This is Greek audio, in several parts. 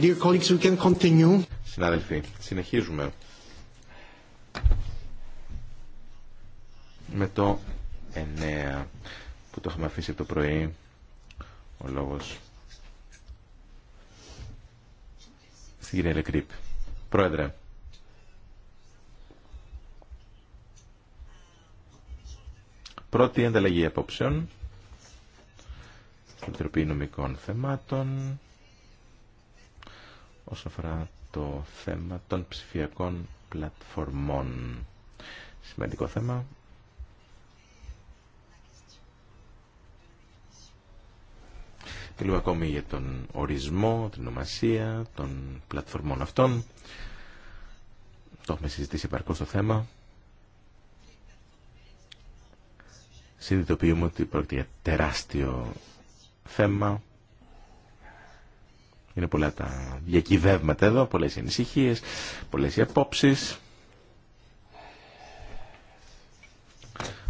Dear colleagues, we can continue. Συνάδελφοι, συνεχίζουμε με το 9 που το έχουμε αφήσει το πρωί. Ο λόγος στην κυρία Λεκρύπ. Πρόεδρε, πρώτη ανταλλαγή απόψεων Επιτροπή Νομικών Θεμάτων όσον αφορά το θέμα των ψηφιακών πλατφορμών. Σημαντικό θέμα. Και λίγο ακόμη για τον ορισμό, την ομασία των πλατφορμών αυτών. Το έχουμε συζητήσει επαρκώ το θέμα. Συνειδητοποιούμε ότι πρόκειται για τεράστιο θέμα. Είναι πολλά τα διακυβεύματα εδώ, πολλές ανησυχίε, πολλές οι απόψει.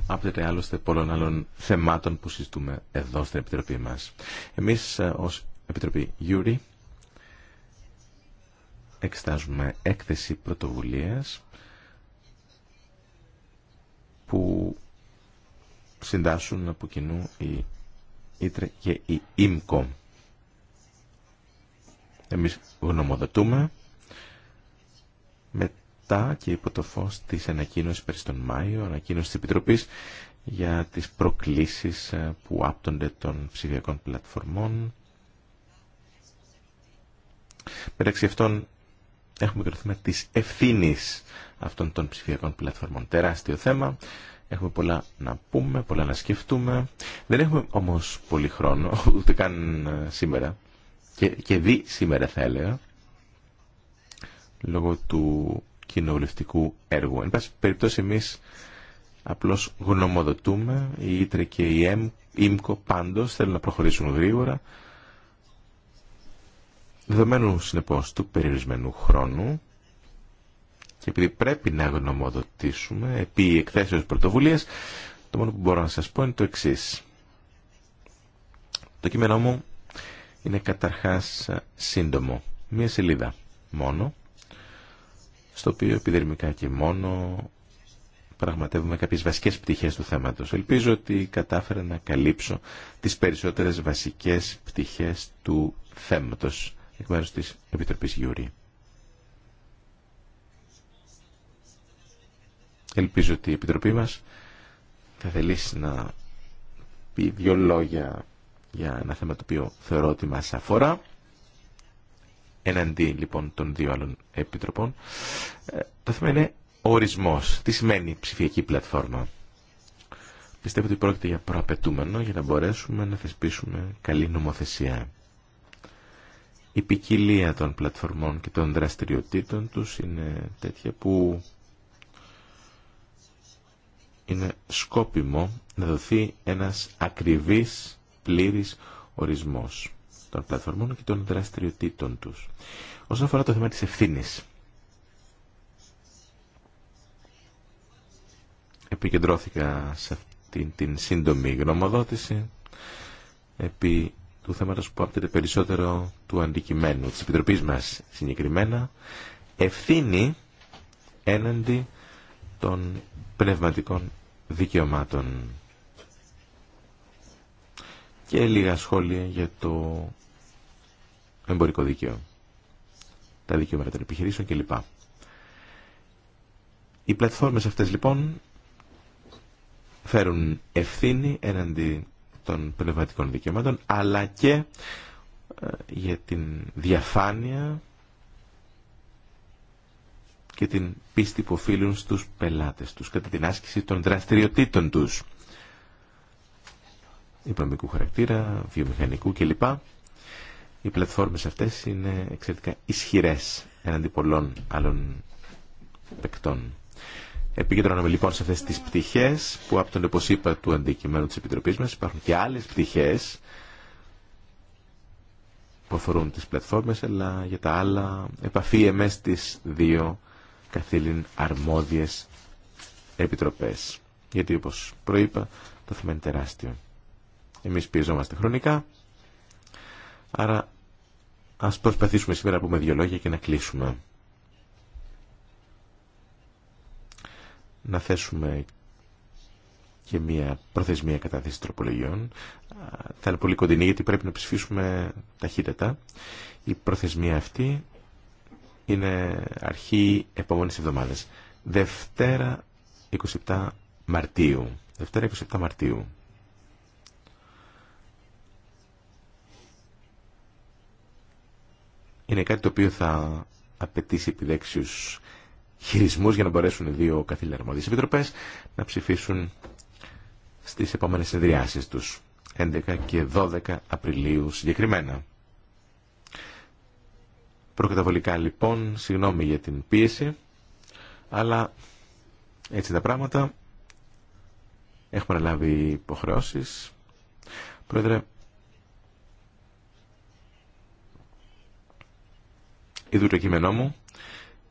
άπτεται άλλωστε πολλών άλλων θεμάτων που συζητούμε εδώ στην Επιτροπή μας. Εμείς ε, ως Επιτροπή Γιούρι εξετάζουμε έκθεση πρωτοβουλίας που συντάσσουν από κοινού οι Ήτρε και η ΙΜΚΟ. Εμείς γνωμοδοτούμε μετά και υπό το φως της ανακοίνωσης περί τον Μάιο, ανακοίνωση της Επιτροπής για τις προκλήσεις ε, που άπτονται των ψηφιακών πλατφορμών. Μεταξύ αυτών έχουμε και το θέμα της ευθύνης αυτών των ψηφιακών πλατφορμών. Τεράστιο θέμα Έχουμε πολλά να πούμε, πολλά να σκεφτούμε. Δεν έχουμε όμως πολύ χρόνο, ούτε καν ε, σήμερα. Και, και δι σήμερα θα έλεγα, λόγω του κοινοβουλευτικού έργου. Εν πάση περιπτώσει εμείς απλώς γνωμοδοτούμε, η Ήτρε και η ΕΜ, ΙΜΚΟ πάντως θέλουν να προχωρήσουν γρήγορα. Δεδομένου συνεπώς του περιορισμένου χρόνου, και επειδή πρέπει να γνωμοδοτήσουμε επί εκθέσεω πρωτοβουλία, το μόνο που μπορώ να σας πω είναι το εξής. Το κείμενό μου είναι καταρχάς σύντομο. Μία σελίδα μόνο, στο οποίο επιδερμικά και μόνο πραγματεύουμε κάποιες βασικές πτυχές του θέματος. Ελπίζω ότι κατάφερα να καλύψω τις περισσότερες βασικές πτυχές του θέματος εκ μέρους της Επιτροπής Γιούρη. Ελπίζω ότι η Επιτροπή μας θα θελήσει να πει δύο λόγια για ένα θέμα το οποίο θεωρώ ότι μας αφορά εναντί λοιπόν των δύο άλλων επιτροπών. Ε, το θέμα είναι ο ορισμός. Τι σημαίνει ψηφιακή πλατφόρμα. Πιστεύω ότι πρόκειται για προαπαιτούμενο για να μπορέσουμε να θεσπίσουμε καλή νομοθεσία. Η ποικιλία των πλατφορμών και των δραστηριοτήτων τους είναι τέτοια που είναι σκόπιμο να δοθεί ένας ακριβής πλήρης ορισμός των πλατφορμών και των δραστηριοτήτων τους. Όσον αφορά το θέμα της ευθύνης, επικεντρώθηκα σε αυτήν την σύντομη γνωμοδότηση επί του θέματος που άπτεται περισσότερο του αντικειμένου της Επιτροπής μας συγκεκριμένα ευθύνη έναντι των πνευματικών δικαιωμάτων. Και λίγα σχόλια για το εμπορικό δίκαιο, τα δικαιώματα των επιχειρήσεων κλπ. Οι πλατφόρμες αυτές λοιπόν φέρουν ευθύνη εναντί των πνευματικών δικαιωμάτων αλλά και ε, για την διαφάνεια και την πίστη που οφείλουν στους πελάτες τους κατά την άσκηση των δραστηριοτήτων τους Υπνομικού χαρακτήρα, βιομηχανικού κλπ. Οι πλατφόρμες αυτές είναι εξαιρετικά ισχυρές εναντί πολλών άλλων παικτών. Επικεντρώνομαι λοιπόν σε αυτές τις πτυχές που από τον όπως είπα του αντικειμένου της Επιτροπής μας υπάρχουν και άλλες πτυχές που αφορούν τις πλατφόρμες αλλά για τα άλλα εμές τις δύο καθήλυν αρμόδιες επιτροπές. Γιατί όπως προείπα το θέμα είναι τεράστιο. Εμείς πιεζόμαστε χρονικά, άρα ας προσπαθήσουμε σήμερα να πούμε δύο λόγια και να κλείσουμε. Να θέσουμε και μια προθεσμία θέση τροπολογιών. Θα είναι πολύ κοντινή γιατί πρέπει να ψηφίσουμε ταχύτερα. Η προθεσμία αυτή είναι αρχή επόμενης εβδομάδας. Δευτέρα 27 Μαρτίου. Δευτέρα 27 Μαρτίου. Είναι κάτι το οποίο θα απαιτήσει επιδέξιους χειρισμούς για να μπορέσουν οι δύο καθήλυνα αρμόδιες επιτροπές να ψηφίσουν στις επόμενες συνεδριάσεις τους. 11 και 12 Απριλίου συγκεκριμένα. Προκαταβολικά λοιπόν, συγγνώμη για την πίεση, αλλά έτσι τα πράγματα. Έχουμε αναλάβει υποχρεώσεις. Πρόεδρε, είδου το κείμενό μου.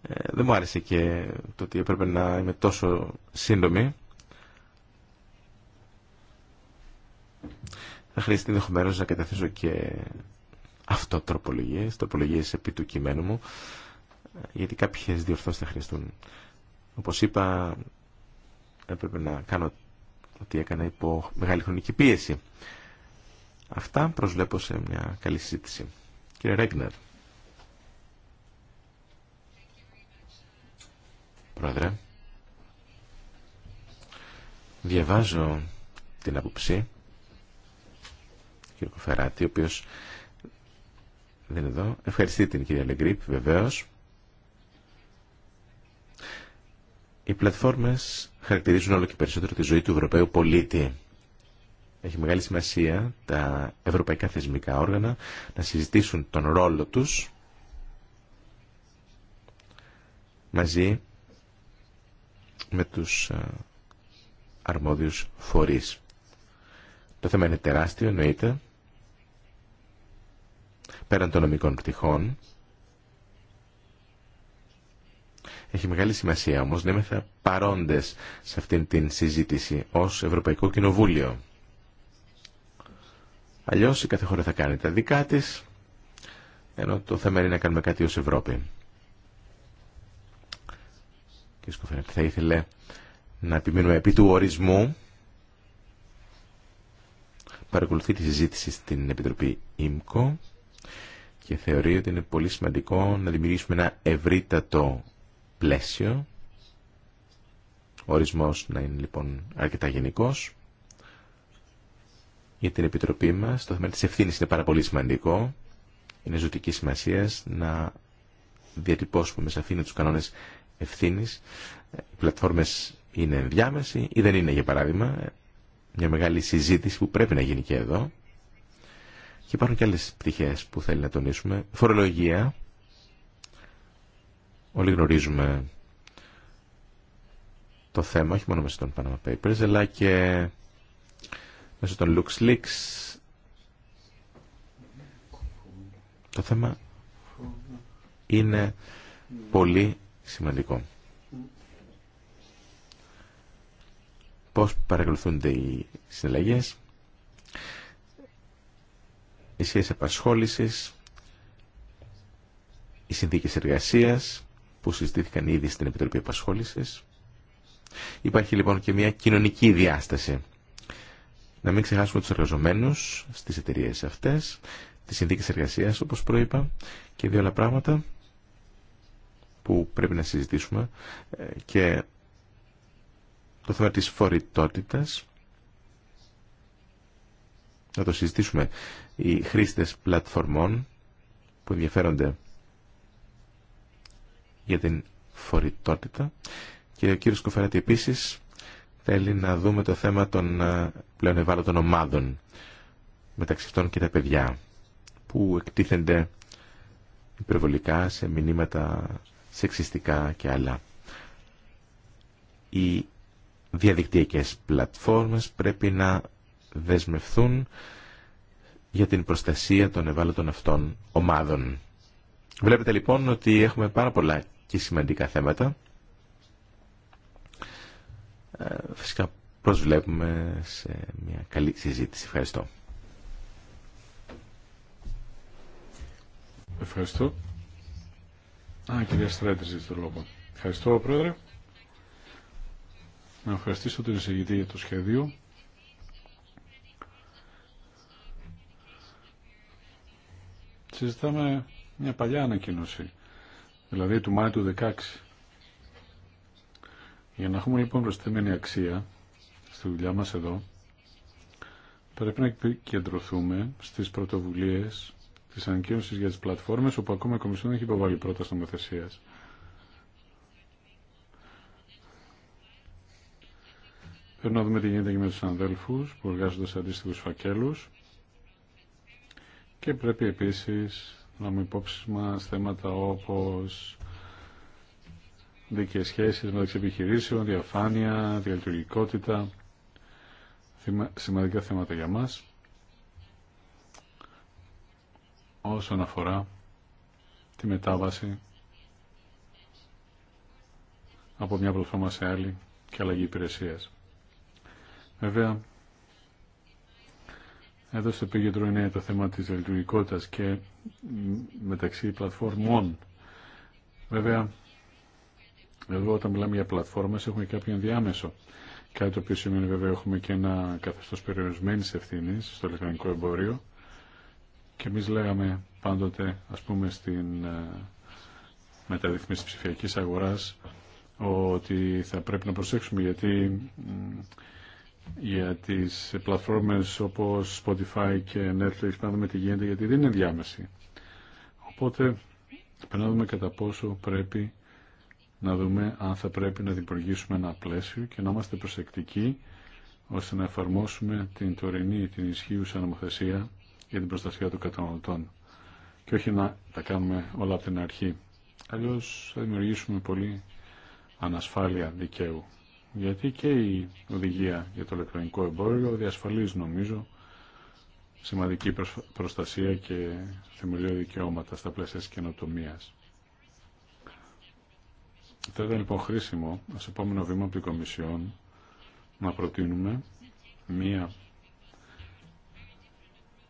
Ε, δεν μου άρεσε και το ότι έπρεπε να είμαι τόσο σύντομη. Θα χρειαστεί ενδεχομένω να καταθέσω και αυτοτροπολογίες, τροπολογίες επί του κειμένου μου, γιατί κάποιες διορθώσεις θα χρειαστούν. Όπως είπα, έπρεπε να κάνω ότι έκανα υπό μεγάλη χρονική πίεση. Αυτά προσβλέπω σε μια καλή συζήτηση. Κύριε Ρέγκνερ. Πρόεδρε. Διαβάζω την άποψη του κ. Κοφεράτη, ο οποίος δεν Ευχαριστεί την κυρία Λεγκρίπ, βεβαίως. Οι πλατφόρμες χαρακτηρίζουν όλο και περισσότερο τη ζωή του Ευρωπαίου πολίτη. Έχει μεγάλη σημασία τα ευρωπαϊκά θεσμικά όργανα να συζητήσουν τον ρόλο τους μαζί με τους ε, αρμόδιους φορείς. Το θέμα είναι τεράστιο, εννοείται πέραν των νομικών πτυχών. Έχει μεγάλη σημασία όμως να είμαστε παρόντες σε αυτήν την συζήτηση ως Ευρωπαϊκό Κοινοβούλιο. Αλλιώς η κάθε χώρα θα κάνει τα δικά της, ενώ το θέμα είναι να κάνουμε κάτι ως Ευρώπη. Και Σκοφέρα, θα ήθελε να επιμείνουμε επί του ορισμού. Παρακολουθεί τη συζήτηση στην Επιτροπή ΙΜΚΟ και θεωρεί ότι είναι πολύ σημαντικό να δημιουργήσουμε ένα ευρύτατο πλαίσιο. Ο ορισμός να είναι λοιπόν αρκετά γενικός. Για την Επιτροπή μας το θέμα της ευθύνης είναι πάρα πολύ σημαντικό. Είναι ζωτική σημασία να διατυπώσουμε με σαφήνεια τους κανόνες ευθύνης. Οι πλατφόρμες είναι ενδιάμεση ή δεν είναι για παράδειγμα μια μεγάλη συζήτηση που πρέπει να γίνει και εδώ. Και υπάρχουν και άλλες πτυχές που θέλει να τονίσουμε. Φορολογία. Όλοι γνωρίζουμε το θέμα, όχι μόνο μέσα των Panama Papers, αλλά και μέσα των LuxLeaks. Το θέμα είναι πολύ σημαντικό. Πώς παρακολουθούνται οι συναλλαγές, οι σχέσεις επασχόλησης, οι συνθήκες εργασίας που συζητήθηκαν ήδη στην Επιτροπή Επασχόλησης. Υπάρχει λοιπόν και μια κοινωνική διάσταση. Να μην ξεχάσουμε τους εργαζομένους στις εταιρείες αυτές, τις συνθήκες εργασίας όπως προείπα και δύο άλλα πράγματα που πρέπει να συζητήσουμε ε, και το θέμα της φορητότητας να το συζητήσουμε οι χρήστες πλατφορμών που ενδιαφέρονται για την φορητότητα και ο κύριος Κοφεράτη επίσης θέλει να δούμε το θέμα των ε, πλέον ευάλωτων ομάδων μεταξύ αυτών και τα παιδιά που εκτίθενται υπερβολικά σε μηνύματα σεξιστικά και άλλα. Οι διαδικτυακές πλατφόρμες πρέπει να δεσμευθούν για την προστασία των ευάλωτων αυτών ομάδων. Βλέπετε λοιπόν ότι έχουμε πάρα πολλά και σημαντικά θέματα. Ε, φυσικά προσβλέπουμε σε μια καλή συζήτηση. Ευχαριστώ. Ευχαριστώ. Α, κυρία ζητήσε το λόγο. Ευχαριστώ, Πρόεδρε. Να ευχαριστήσω την εισηγητή για το σχέδιο συζητάμε μια παλιά ανακοίνωση, δηλαδή του Μάη του 16. Για να έχουμε λοιπόν προσθέμενη αξία στη δουλειά μας εδώ, πρέπει να επικεντρωθούμε στις πρωτοβουλίες της ανακοίνωσης για τις πλατφόρμες, όπου ακόμα η Κομισιόν έχει υποβάλει πρόταση νομοθεσίας. Πρέπει να δούμε τι γίνεται και με τους ανδέλφους που εργάζονται σε αντίστοιχους φακέλους και πρέπει επίσης να με υπόψη μας θέματα όπως δίκαιες σχέσεις μεταξύ επιχειρήσεων, διαφάνεια, διαλειτουργικότητα, σημαντικά θέματα για μας όσον αφορά τη μετάβαση από μια πλατφόρμα σε άλλη και αλλαγή υπηρεσία. Βέβαια, εδώ στο επίκεντρο είναι το θέμα της λειτουργικότητα και μεταξύ πλατφόρμων. Βέβαια, εδώ όταν μιλάμε για πλατφόρμες έχουμε κάποιον διάμεσο. Κάτι το οποίο σημαίνει βέβαια έχουμε και ένα καθεστώς περιορισμένης ευθύνη στο ηλεκτρονικό εμπόριο και εμεί λέγαμε πάντοτε ας πούμε στην ε, μεταρρύθμιση ψηφιακής αγοράς ότι θα πρέπει να προσέξουμε γιατί για τις πλατφόρμες όπως Spotify και Netflix να δούμε τι γίνεται γιατί δεν είναι διάμεση. Οπότε πρέπει να δούμε κατά πόσο πρέπει να δούμε αν θα πρέπει να δημιουργήσουμε ένα πλαίσιο και να είμαστε προσεκτικοί ώστε να εφαρμόσουμε την τωρινή, την ισχύουσα νομοθεσία για την προστασία των καταναλωτών και όχι να τα κάνουμε όλα από την αρχή. Αλλιώς θα δημιουργήσουμε πολύ ανασφάλεια δικαίου γιατί και η οδηγία για το ηλεκτρονικό εμπόριο διασφαλίζει νομίζω σημαντική προστασία και θεμελιώδη δικαιώματα στα πλαίσια της καινοτομίας. Θα ήταν λοιπόν χρήσιμο ως επόμενο βήμα από την Κομισιόν να προτείνουμε μία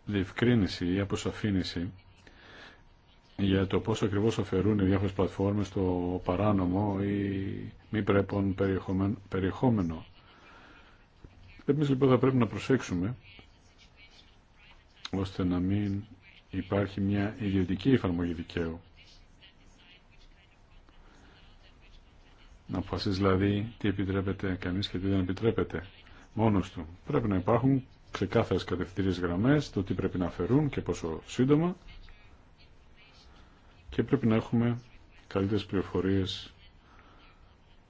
διευκρίνηση ή αποσαφήνιση για το πώς ακριβώς αφαιρούν οι διάφορες πλατφόρμες το παράνομο ή μη λοιπόν πρέπον περιεχόμενο. Εμείς λοιπόν θα πρέπει να προσέξουμε ώστε να μην υπάρχει μια ιδιωτική εφαρμογή δικαίου. Να αποφασίσει δηλαδή τι επιτρέπεται κανείς και τι δεν επιτρέπεται μόνος του. Πρέπει να υπάρχουν ξεκάθαρες κατευθυντήριες γραμμές, το τι πρέπει να αφαιρούν και πόσο σύντομα και πρέπει να έχουμε καλύτερες πληροφορίες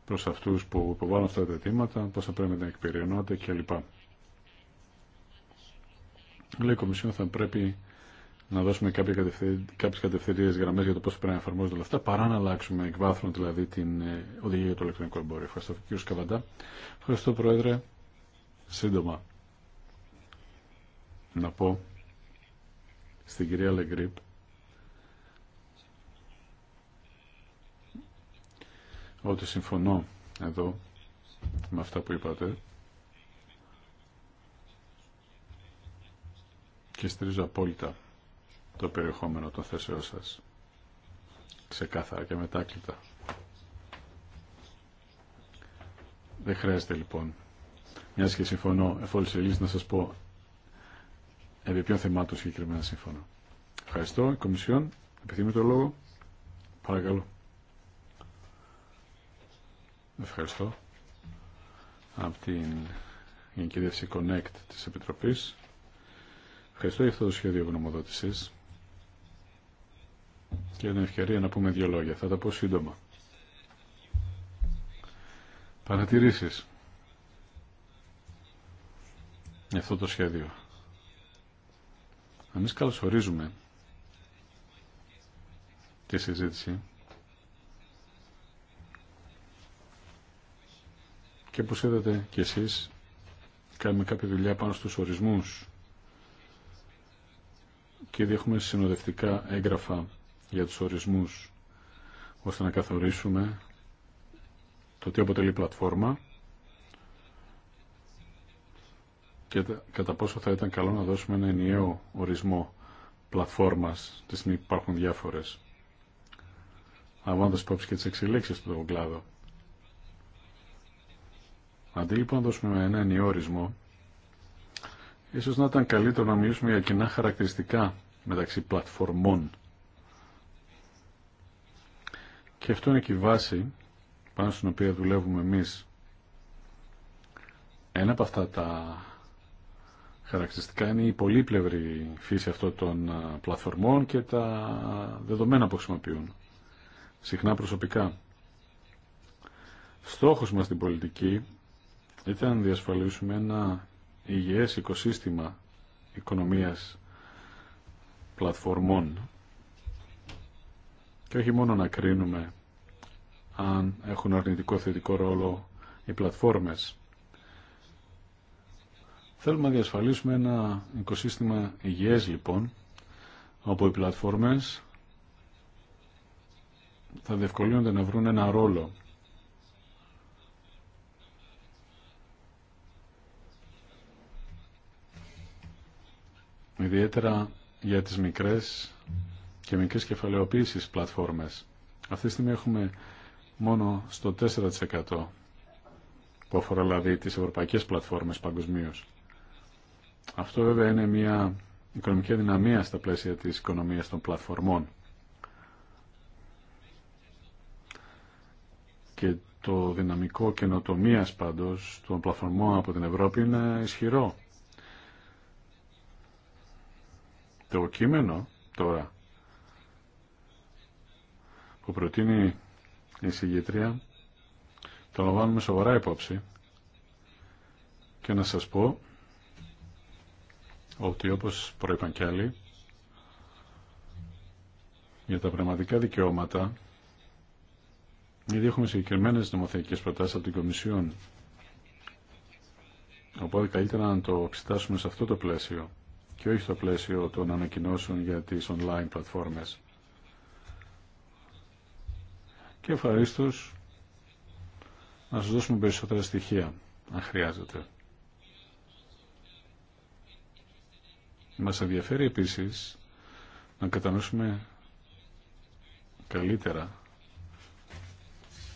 προς αυτούς που υποβάλλουν αυτά τα αιτήματα, πώς θα πρέπει να και κλπ. Λέει η Κομισιόν θα πρέπει να δώσουμε κάποιες κατευθυντήριες γραμμές για το πώς πρέπει να εφαρμόζονται όλα αυτά, παρά να αλλάξουμε εκ βάθρων, δηλαδή την ε, οδηγία για το ηλεκτρονικό εμπόριο. Ευχαριστώ κύριο Καβαντά. Ευχαριστώ Πρόεδρε. Σύντομα να πω στην κυρία Λεγκρίπ ότι συμφωνώ εδώ με αυτά που είπατε και στηρίζω απόλυτα το περιεχόμενο των θέσεών σας ξεκάθαρα και μετάκλητα δεν χρειάζεται λοιπόν μια και συμφωνώ εφόλου λύση να σας πω επί ποιον θεμάτων συγκεκριμένα συμφωνώ ευχαριστώ η Κομισιόν επιθυμεί το λόγο παρακαλώ Ευχαριστώ. Από την Γενική Διεύθυνση Connect της Επιτροπής. Ευχαριστώ για αυτό το σχέδιο γνωμοδότησης και την ευκαιρία να πούμε δύο λόγια. Θα τα πω σύντομα. Παρατηρήσεις. Για αυτό το σχέδιο. Εμεί καλωσορίζουμε τη συζήτηση και όπως είδατε κι εσείς κάνουμε κάποια δουλειά πάνω στους ορισμούς και ήδη έχουμε συνοδευτικά έγγραφα για τους ορισμούς ώστε να καθορίσουμε το τι αποτελεί πλατφόρμα και κατά πόσο θα ήταν καλό να δώσουμε ένα ενιαίο ορισμό πλατφόρμας, τη στιγμή που υπάρχουν διάφορες, λαμβάνοντας υπόψη και τις εξελίξεις του κλάδο. Αντί λοιπόν να δώσουμε έναν ιόρισμό, ίσως να ήταν καλύτερο να μιλήσουμε για κοινά χαρακτηριστικά μεταξύ πλατφορμών. Και αυτό είναι και η βάση πάνω στην οποία δουλεύουμε εμείς. Ένα από αυτά τα χαρακτηριστικά είναι η πολύπλευρη φύση αυτών των πλατφορμών και τα δεδομένα που χρησιμοποιούν. Συχνά προσωπικά. Στόχος μας στην πολιτική ήταν να διασφαλίσουμε ένα υγιές οικοσύστημα οικονομίας πλατφορμών και όχι μόνο να κρίνουμε αν έχουν αρνητικό θετικό ρόλο οι πλατφόρμες. Θέλουμε να διασφαλίσουμε ένα οικοσύστημα υγιές λοιπόν, όπου οι πλατφόρμες θα διευκολύνονται να βρουν ένα ρόλο ιδιαίτερα για τις μικρές και μικρές κεφαλαιοποίησεις πλατφόρμες. Αυτή τη στιγμή έχουμε μόνο στο 4% που αφορά δηλαδή τις ευρωπαϊκές πλατφόρμες παγκοσμίω. Αυτό βέβαια είναι μια οικονομική δυναμία στα πλαίσια της οικονομίας των πλατφορμών. Και το δυναμικό καινοτομίας πάντως των πλατφορμών από την Ευρώπη είναι ισχυρό. Το κείμενο τώρα που προτείνει η συγγετρία το λαμβάνουμε σοβαρά υπόψη και να σας πω ότι όπως προείπαν κι άλλοι για τα πραγματικά δικαιώματα ήδη έχουμε συγκεκριμένε νομοθετικές προτάσεις από την Κομισιόν οπότε καλύτερα να το εξετάσουμε σε αυτό το πλαίσιο και όχι στο πλαίσιο των ανακοινώσεων για τις online πλατφόρμες. Και ευχαρίστω να σας δώσουμε περισσότερα στοιχεία, αν χρειάζεται. Μας ενδιαφέρει επίσης να κατανοήσουμε καλύτερα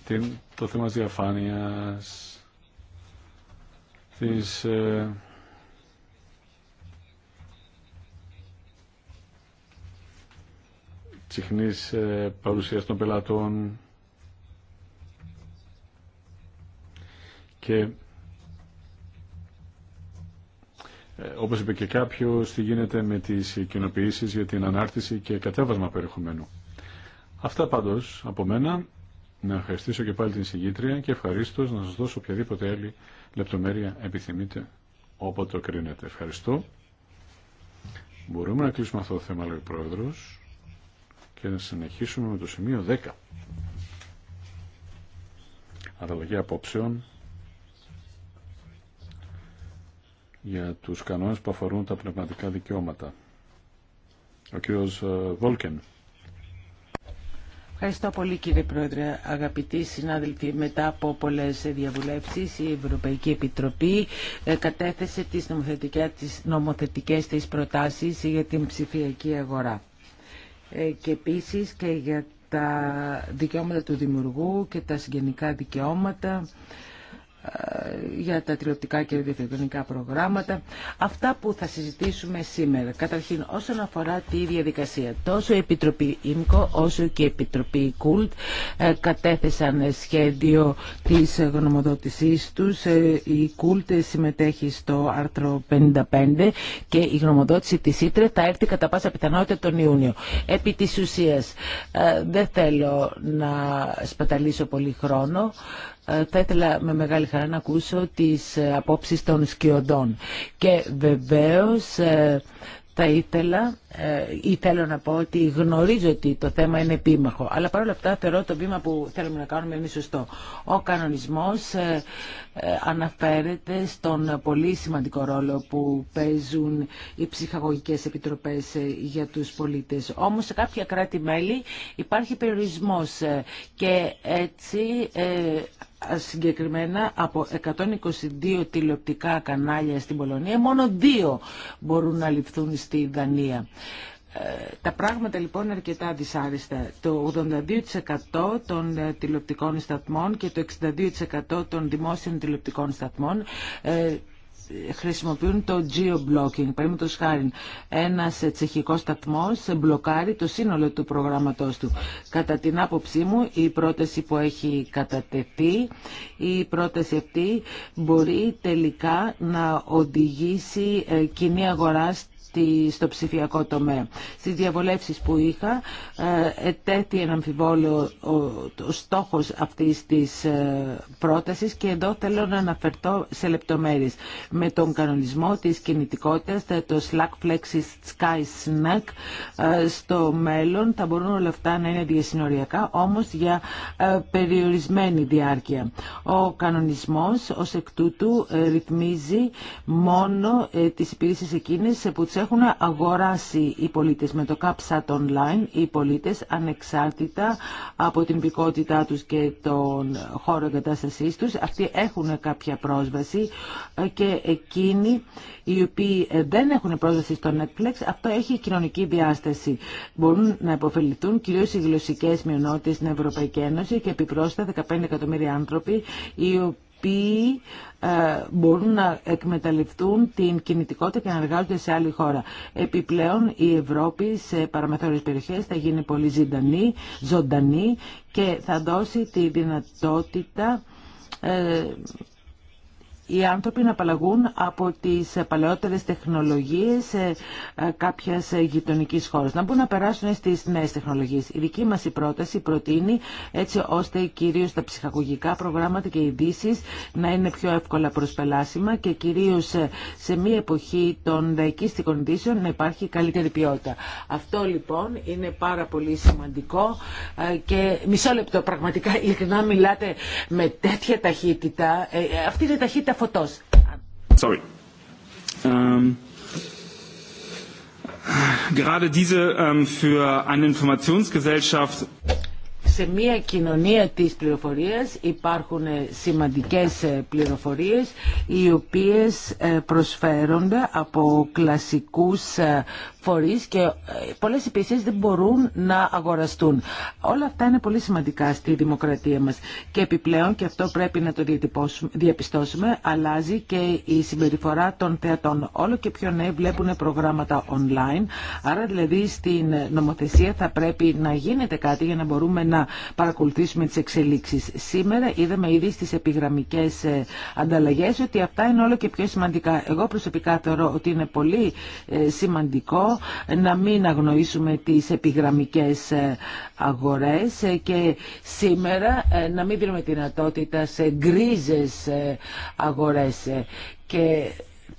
την, το θέμα της διαφάνειας, της ε, συχνής ε, παρουσίας των πελατών και ε, όπως είπε και κάποιος, τι γίνεται με τις κοινοποιήσεις για την ανάρτηση και κατέβασμα περιεχομένου. Αυτά πάντως από μένα. Να ευχαριστήσω και πάλι την συγκήτρια και ευχαρίστω να σας δώσω οποιαδήποτε άλλη λεπτομέρεια επιθυμείτε όποτε το κρίνετε. Ευχαριστώ. Μπορούμε να κλείσουμε αυτό το θέμα, λέει ο Πρόεδρος και να συνεχίσουμε με το σημείο 10. Αναλογία απόψεων για τους κανόνες που αφορούν τα πνευματικά δικαιώματα. Ο κύριος ε, Βόλκεν. Ευχαριστώ πολύ κύριε Πρόεδρε. Αγαπητοί συνάδελφοι, μετά από πολλές διαβουλεύσεις η Ευρωπαϊκή Επιτροπή ε, κατέθεσε τις νομοθετικές της προτάσεις για την ψηφιακή αγορά. Ε, και επίσης και για τα δικαιώματα του δημιουργού και τα συγγενικά δικαιώματα για τα τηλεοπτικά και ραδιοφωνικά προγράμματα. Αυτά που θα συζητήσουμε σήμερα. Καταρχήν, όσον αφορά τη διαδικασία, τόσο η Επιτροπή ΙΜΚΟ όσο και η Επιτροπή ΚΟΥΛΤ ε, κατέθεσαν σχέδιο της γνωμοδότησής τους. Ε, η ΚΟΥΛΤ συμμετέχει στο άρθρο 55 και η γνωμοδότηση της ΙΤΡΕ θα έρθει κατά πάσα πιθανότητα τον Ιούνιο. Επί της ουσίας, ε, δεν θέλω να σπαταλήσω πολύ χρόνο. Ε, θα ήθελα με μεγάλη χαρά να ακούσω τις ε, απόψεις των σκιωδών. Και βεβαίως ε, θα ήθελα ή θέλω να πω ότι γνωρίζω ότι το θέμα είναι επίμαχο. Αλλά παρόλα αυτά θεωρώ το βήμα που θέλουμε να κάνουμε είναι σωστό. Ο κανονισμός αναφέρεται στον πολύ σημαντικό ρόλο που παίζουν οι ψυχαγωγικές επιτροπές για τους πολίτες. Όμως σε κάποια κράτη-μέλη υπάρχει περιορισμός και έτσι συγκεκριμένα από 122 τηλεοπτικά κανάλια στην Πολωνία μόνο δύο μπορούν να ληφθούν στη Δανία. Ε, τα πράγματα λοιπόν είναι αρκετά δυσάριστα. Το 82% των ε, τηλεοπτικών σταθμών και το 62% των δημόσιων τηλεοπτικών σταθμών ε, χρησιμοποιούν το geo-blocking. Παραδείγματο χάρη, ένα ε, τσεχικό σταθμό μπλοκάρει το σύνολο του προγράμματό του. Κατά την άποψή μου, η πρόταση που έχει κατατεθεί, η πρόταση αυτή μπορεί τελικά να οδηγήσει ε, κοινή αγορά στο ψηφιακό τομέα. Στις διαβολεύσεις που είχα, ε, ετέθη ένα αμφιβόλιο ο στόχος αυτής της ε, πρότασης και εδώ θέλω να αναφερθώ σε λεπτομέρειες. Με τον κανονισμό της κινητικότητας, το Slack Flexi Sky Snack, ε, στο μέλλον θα μπορούν όλα αυτά να είναι διασυνοριακά, όμως για περιορισμένη διάρκεια. Ο κανονισμός ως εκ τούτου ρυθμίζει μόνο τις υπηρεσίες εκείνες που έχουν αγοράσει οι πολίτες με το CapSat Online, οι πολίτες ανεξάρτητα από την πικότητά τους και τον χώρο εγκατάστασής τους. Αυτοί έχουν κάποια πρόσβαση και εκείνοι οι οποίοι δεν έχουν πρόσβαση στο Netflix, αυτό έχει κοινωνική διάσταση. Μπορούν να υποφεληθούν κυρίως οι γλωσσικές μειονότητες στην Ευρωπαϊκή Ένωση και επιπρόσθετα 15 εκατομμύρια άνθρωποι οποίοι ε, μπορούν να εκμεταλλευτούν την κινητικότητα και να εργάζονται σε άλλη χώρα. Επιπλέον η Ευρώπη σε παραμεθόριες περιοχές θα γίνει πολύ ζωντανή και θα δώσει τη δυνατότητα ε, οι άνθρωποι να απαλλαγούν από τις παλαιότερες τεχνολογίες ε, ε, κάποιας γειτονικής χώρας, να μπορούν να περάσουν στις νέες τεχνολογίες. Η δική μας η πρόταση προτείνει έτσι ώστε κυρίως τα ψυχαγωγικά προγράμματα και ειδήσει να είναι πιο εύκολα προσπελάσιμα και κυρίως ε, σε μια εποχή των δαϊκίστικων ειδήσεων να υπάρχει καλύτερη ποιότητα. Αυτό λοιπόν είναι πάρα πολύ σημαντικό και μισό λεπτό πραγματικά ειλικρινά μιλάτε με τέτοια ταχύτητα. Αυτή είναι ταχύτητα Sorry. Gerade diese für eine Informationsgesellschaft σε μια κοινωνία της πληροφορίας υπάρχουν ε, σημαντικές ε, πληροφορίες οι οποίες ε, προσφέρονται από κλασικούς φορείς και πολλές υπηρεσίες δεν μπορούν να αγοραστούν. Όλα αυτά είναι πολύ σημαντικά στη δημοκρατία μας και επιπλέον και αυτό πρέπει να το διαπιστώσουμε αλλάζει και η συμπεριφορά των θεατών. Όλο και πιο νέοι βλέπουν προγράμματα online άρα δηλαδή στην νομοθεσία θα πρέπει να γίνεται κάτι για να μπορούμε να παρακολουθήσουμε τις εξελίξεις. Σήμερα είδαμε ήδη στις επιγραμμικές ε, ανταλλαγές ότι αυτά είναι όλο και πιο σημαντικά. Εγώ προσωπικά θεωρώ ότι είναι πολύ ε, σημαντικό να μην αγνοήσουμε τις επιγραμμικές ε, αγορές και σήμερα να μην δίνουμε δυνατότητα σε γκρίζες αγορές και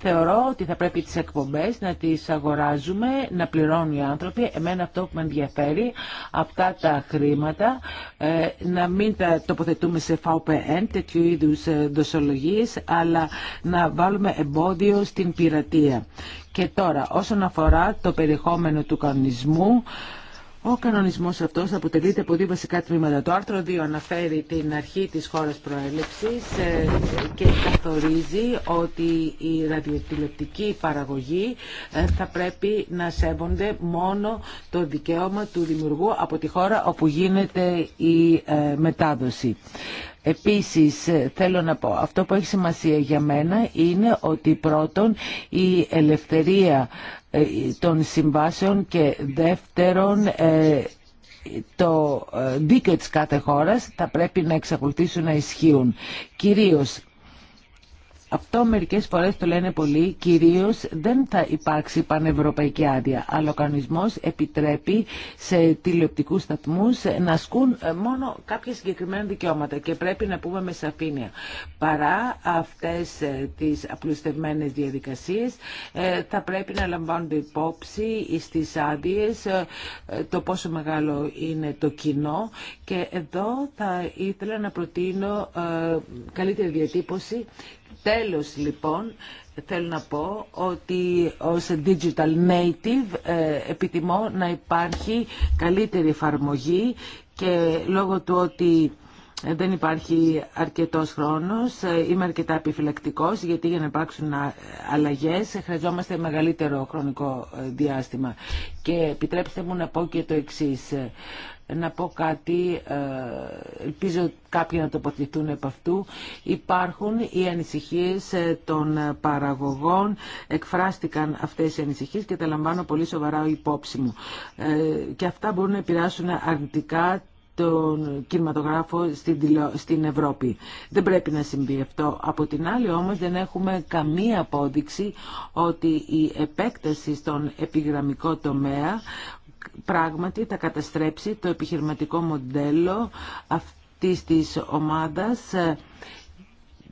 Θεωρώ ότι θα πρέπει τις εκπομπές να τις αγοράζουμε, να πληρώνουν οι άνθρωποι. Εμένα αυτό που με ενδιαφέρει, αυτά τα χρήματα, ε, να μην τα τοποθετούμε σε VPN, τέτοιου είδου ε, δοσολογίες, αλλά να βάλουμε εμπόδιο στην πειρατεία. Και τώρα, όσον αφορά το περιεχόμενο του κανονισμού, ο κανονισμός αυτός αποτελείται από δύο βασικά τμήματα. Το άρθρο 2 αναφέρει την αρχή της χώρας προέλευση ε, και καθορίζει ότι η ραδιοτηλεπτική παραγωγή ε, θα πρέπει να σέβονται μόνο το δικαίωμα του δημιουργού από τη χώρα όπου γίνεται η ε, μετάδοση. Επίσης θέλω να πω, αυτό που έχει σημασία για μένα είναι ότι πρώτον η ελευθερία ε, των συμβάσεων και δεύτερον ε, το ε, δίκαιο της κάθε χώρας θα πρέπει να εξακολουθήσουν να ισχύουν. Κυρίως αυτό μερικές φορές το λένε πολλοί, κυρίως δεν θα υπάρξει πανευρωπαϊκή άδεια, αλλά ο κανονισμός επιτρέπει σε τηλεοπτικούς σταθμούς να ασκούν ε, μόνο κάποια συγκεκριμένα δικαιώματα και πρέπει να πούμε με σαφήνεια. Παρά αυτές ε, τις απλουστευμένες διαδικασίες ε, θα πρέπει να λαμβάνονται υπόψη στις άδειε το πόσο μεγάλο είναι το κοινό και εδώ θα ήθελα να προτείνω καλύτερη διατύπωση Τέλος λοιπόν, θέλω να πω ότι ως digital native ε, επιτιμώ να υπάρχει καλύτερη εφαρμογή και λόγω του ότι ε, δεν υπάρχει αρκετός χρόνος, ε, είμαι αρκετά επιφυλακτικός γιατί για να υπάρξουν ε, αλλαγές χρειαζόμαστε μεγαλύτερο χρονικό διάστημα. Και επιτρέψτε μου να πω και το εξής. Να πω κάτι, ελπίζω κάποιοι να τοποθετηθούν από αυτού. Υπάρχουν οι ανησυχίες των παραγωγών, εκφράστηκαν αυτές οι ανησυχίες και τα λαμβάνω πολύ σοβαρά υπόψη μου. Και αυτά μπορούν να επηρεάσουν αρνητικά τον κινηματογράφο στην Ευρώπη. Δεν πρέπει να συμβεί αυτό. Από την άλλη όμως δεν έχουμε καμία απόδειξη ότι η επέκταση στον επιγραμμικό τομέα πράγματι θα καταστρέψει το επιχειρηματικό μοντέλο αυτής της ομάδας ε,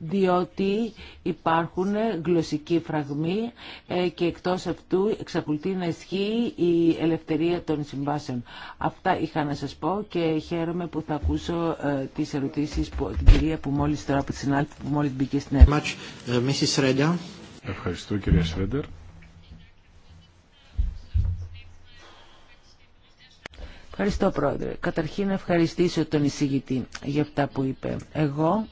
διότι υπάρχουν γλωσσικοί φραγμοί ε, και εκτός αυτού εξακολουθεί να ισχύει η ελευθερία των συμβάσεων. Αυτά είχα να σας πω και χαίρομαι που θα ακούσω ε, τις ερωτήσεις που, την κυρία που μόλις τώρα από τη συνάδελφη που μόλις μπήκε στην έρευνα. Ε, Ευχαριστώ κυρία Σρέντερ. Ευχαριστώ πρόεδρε. Καταρχήν ευχαριστήσω τον εισηγητή για αυτά που είπε. Εγώ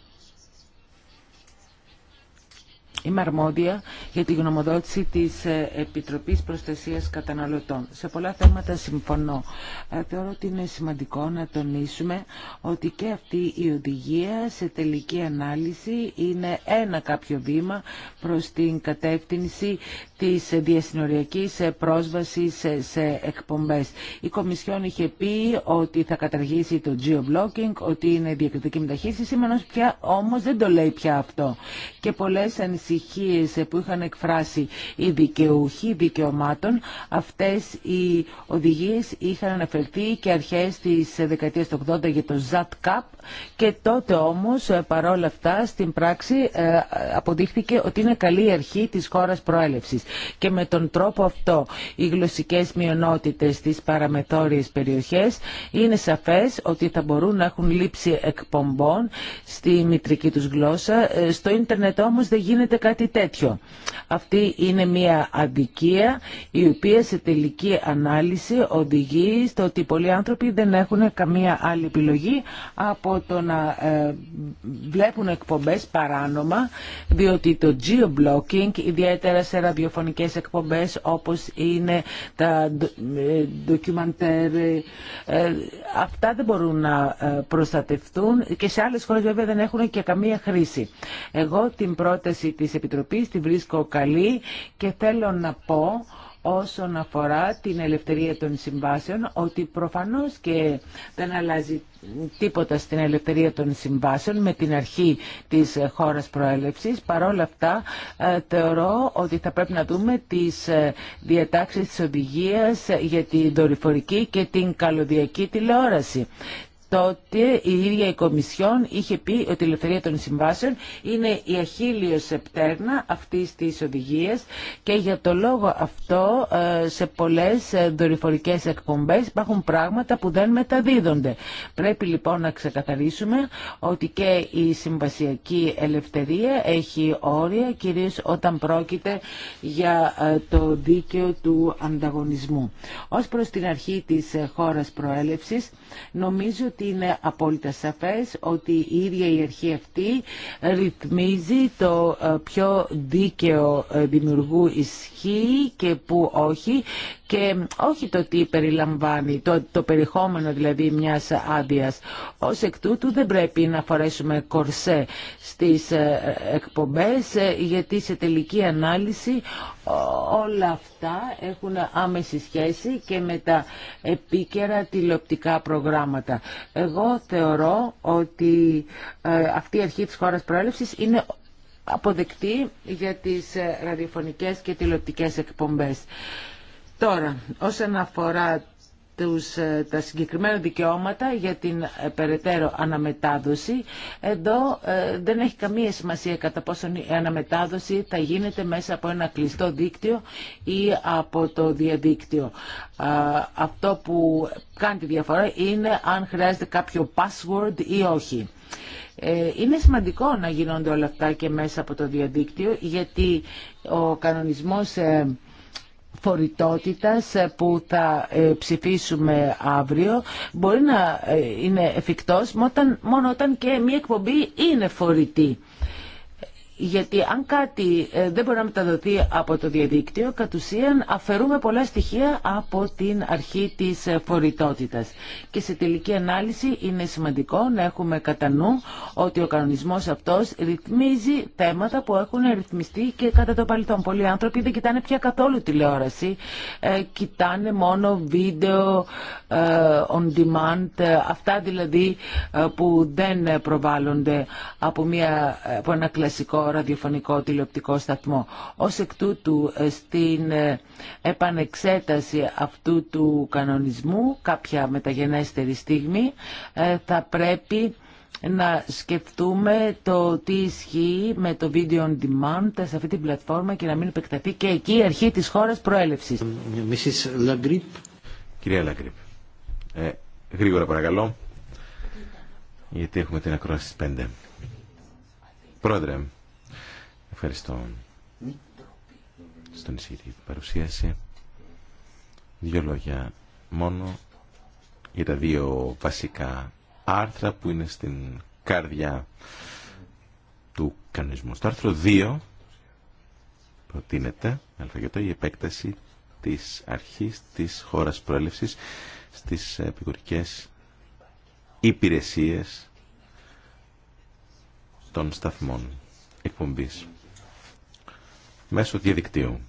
Είμαι αρμόδια για τη γνωμοδότηση της ε, Επιτροπής Προστασίας Καταναλωτών. Σε πολλά θέματα συμφωνώ. Ε, θεωρώ ότι είναι σημαντικό να τονίσουμε ότι και αυτή η οδηγία σε τελική ανάλυση είναι ένα κάποιο βήμα προς την κατεύθυνση της διασυνοριακής ε, πρόσβασης ε, σε εκπομπές. Η Κομισιόν είχε πει ότι θα καταργήσει το geo-blocking, ότι είναι διακριτική μεταχείριση, σήμερα πια όμως δεν το λέει πια αυτό. Και πολλές ανησυχίες ε, που είχαν εκφράσει οι δικαιούχοι δικαιωμάτων, αυτές οι οδηγίες είχαν αναφερθεί και αρχές της δεκαετίας του 80 για το ZATCAP και τότε όμως παρόλα αυτά στην πράξη αποδείχθηκε ότι είναι καλή αρχή της χώρας προέλευσης και με τον τρόπο αυτό οι γλωσσικές μειονότητες στις παραμεθόριες περιοχές είναι σαφές ότι θα μπορούν να έχουν λήψη εκπομπών στη μητρική τους γλώσσα. Ε, στο ίντερνετ όμως δεν γίνεται κάτι τέτοιο. Αυτή είναι μια αδικία η οποία σε τελική ανάλυση οδηγεί στο ότι πολλοί άνθρωποι δεν έχουν καμία άλλη επιλογή από το να ε, βλέπουν εκπομπές παράνομα διότι το geo ιδιαίτερα σε ραδιοφωνία ραδιοφωνικές εκπομπές όπως είναι τα ε, ντοκιμαντέρ. Ε, ε, αυτά δεν μπορούν να προστατευτούν και σε άλλες χώρες βέβαια δεν έχουν και καμία χρήση. Εγώ την πρόταση της Επιτροπής τη βρίσκω καλή και θέλω να πω όσον αφορά την ελευθερία των συμβάσεων ότι προφανώς και δεν αλλάζει τίποτα στην ελευθερία των συμβάσεων με την αρχή της χώρας προέλευσης. Παρόλα αυτά ε, θεωρώ ότι θα πρέπει να δούμε τις ε, διατάξεις της οδηγίας ε, για την δορυφορική και την καλωδιακή τηλεόραση τότε η ίδια η Κομισιόν είχε πει ότι η ελευθερία των συμβάσεων είναι η αχίλιο επτέρνα αυτή τη οδηγία και για το λόγο αυτό ε, σε πολλέ ε, δορυφορικέ εκπομπές υπάρχουν πράγματα που δεν μεταδίδονται. Πρέπει λοιπόν να ξεκαθαρίσουμε ότι και η συμβασιακή ελευθερία έχει όρια κυρίως όταν πρόκειται για ε, το δίκαιο του ανταγωνισμού. Ως προ την αρχή της χώρα προέλευση, νομίζω ότι είναι απόλυτα σαφές ότι η ίδια η αρχή αυτή ρυθμίζει το ε, πιο δίκαιο ε, δημιουργού ισχύει και που όχι και όχι το τι περιλαμβάνει, το, το περιεχόμενο δηλαδή μιας άδειας. Ως εκ τούτου δεν πρέπει να φορέσουμε κορσέ στις ε, εκπομπές ε, γιατί σε τελική ανάλυση όλα αυτά έχουν άμεση σχέση και με τα επίκαιρα τηλεοπτικά προγράμματα. Εγώ θεωρώ ότι ε, αυτή η αρχή της χώρας προέλευσης είναι αποδεκτή για τις ραδιοφωνικές και τηλεοπτικές εκπομπές. Τώρα, όσον αφορά τους, ε, τα συγκεκριμένα δικαιώματα για την ε, περαιτέρω αναμετάδοση. Εδώ ε, δεν έχει καμία σημασία κατά πόσον η αναμετάδοση θα γίνεται μέσα από ένα κλειστό δίκτυο ή από το διαδίκτυο. αυτό που κάνει τη διαφορά είναι αν χρειάζεται κάποιο password ή όχι. Είναι σημαντικό να γίνονται όλα αυτά και μέσα από το διαδίκτυο γιατί ο κανονισμός φορητότητας που θα ε, ψηφίσουμε αύριο μπορεί να ε, είναι εφικτός μόνο όταν και μια εκπομπή είναι φορητή. Γιατί αν κάτι ε, δεν μπορεί να μεταδοθεί από το διαδίκτυο, κατ' ουσίαν αφαιρούμε πολλά στοιχεία από την αρχή της ε, φορητότητας. Και σε τελική ανάλυση είναι σημαντικό να έχουμε κατά νου ότι ο κανονισμός αυτός ρυθμίζει θέματα που έχουν ρυθμιστεί και κατά το παρελθόν. Πολλοί άνθρωποι δεν κοιτάνε πια καθόλου τηλεόραση, ε, κοιτάνε μόνο βίντεο on demand, αυτά δηλαδή που δεν προβάλλονται από, μια, από ένα κλασικό ραδιοφωνικό τηλεοπτικό σταθμό. Ως εκ τούτου ε, στην ε, επανεξέταση αυτού του κανονισμού κάποια μεταγενέστερη στιγμή ε, θα πρέπει να σκεφτούμε το τι ισχύει με το video on demand σε αυτή την πλατφόρμα και να μην επεκταθεί και εκεί η αρχή της χώρας προέλευσης. Κυρία Λαγκρίπ, ε, γρήγορα παρακαλώ, γιατί έχουμε την ακρόαση στις 5. Πρόεδρε, Ευχαριστώ στον εισηγητή που παρουσίασε. Δύο λόγια μόνο για τα δύο βασικά άρθρα που είναι στην κάρδια του κανονισμού. Στο άρθρο 2 προτείνεται η επέκταση της αρχής της χώρας προέλευσης στις επικουρικές υπηρεσίες των σταθμών εκπομπής μέσω διαδικτύου.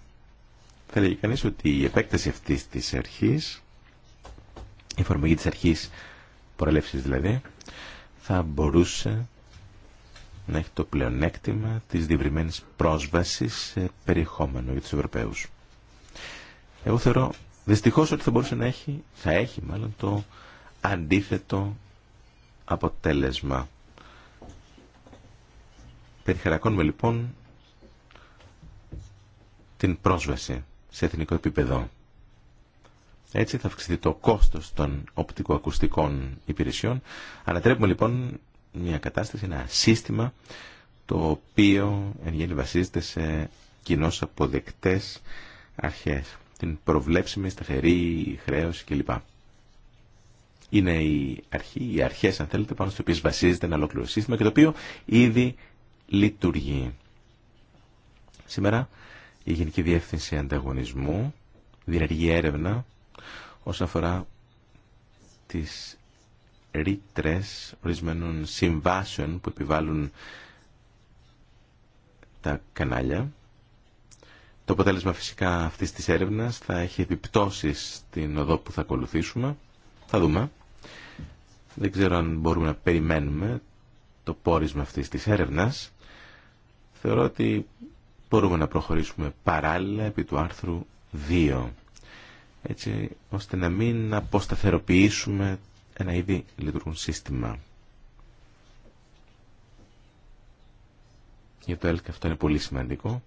Θα λέγει κανείς ότι η επέκταση αυτής της αρχής, η εφαρμογή της αρχής προελεύσης δηλαδή, θα μπορούσε να έχει το πλεονέκτημα της διευρυμένης πρόσβασης σε περιεχόμενο για τους Ευρωπαίους. Εγώ θεωρώ δυστυχώς ότι θα μπορούσε να έχει, θα έχει μάλλον το αντίθετο αποτέλεσμα. Περιχαρακώνουμε λοιπόν την πρόσβαση σε εθνικό επίπεδο. Έτσι θα αυξηθεί το κόστος των οπτικοακουστικών υπηρεσιών. Ανατρέπουμε λοιπόν μια κατάσταση, ένα σύστημα το οποίο εν γέννη βασίζεται σε κοινώς αποδεκτές αρχές. Την προβλέψιμη, σταθερή, χρέωση κλπ. Είναι η αρχή, οι αρχές αν θέλετε πάνω στους οποίους βασίζεται ένα ολόκληρο σύστημα και το οποίο ήδη λειτουργεί. Σήμερα η Γενική Διεύθυνση Ανταγωνισμού διεργεί έρευνα όσον αφορά τις ρήτρε ορισμένων συμβάσεων που επιβάλλουν τα κανάλια. Το αποτέλεσμα φυσικά αυτής της έρευνας θα έχει επιπτώσεις στην οδό που θα ακολουθήσουμε. Θα δούμε. Δεν ξέρω αν μπορούμε να περιμένουμε το πόρισμα αυτής της έρευνας. Θεωρώ ότι μπορούμε να προχωρήσουμε παράλληλα επί του άρθρου 2 έτσι ώστε να μην αποσταθεροποιήσουμε ένα ήδη λειτουργούν σύστημα. Για το ΕΛΚ αυτό είναι πολύ σημαντικό.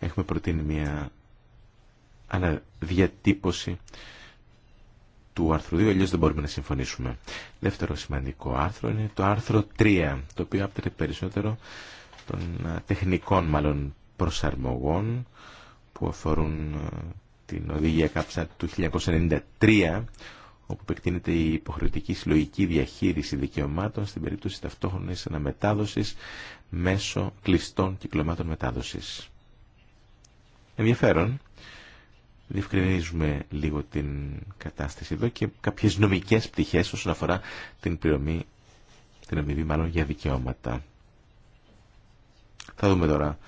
Έχουμε προτείνει μια αναδιατύπωση του άρθρου 2, αλλιώ δεν μπορούμε να συμφωνήσουμε. Δεύτερο σημαντικό άρθρο είναι το άρθρο 3, το οποίο άπτεται περισσότερο των ε, τεχνικών μάλλον προσαρμογών που αφορούν ε, την οδηγία κάψα του 1993, όπου επεκτείνεται η υποχρεωτική συλλογική διαχείριση δικαιωμάτων στην περίπτωση ταυτόχρονης αναμετάδοσης μέσω κλειστών κυκλωμάτων μετάδοσης. Ενδιαφέρον διευκρινίζουμε λίγο την κατάσταση εδώ και κάποιες νομικές πτυχές όσον αφορά την πληρωμή, την αμοιβή μάλλον για δικαιώματα. Θα δούμε τώρα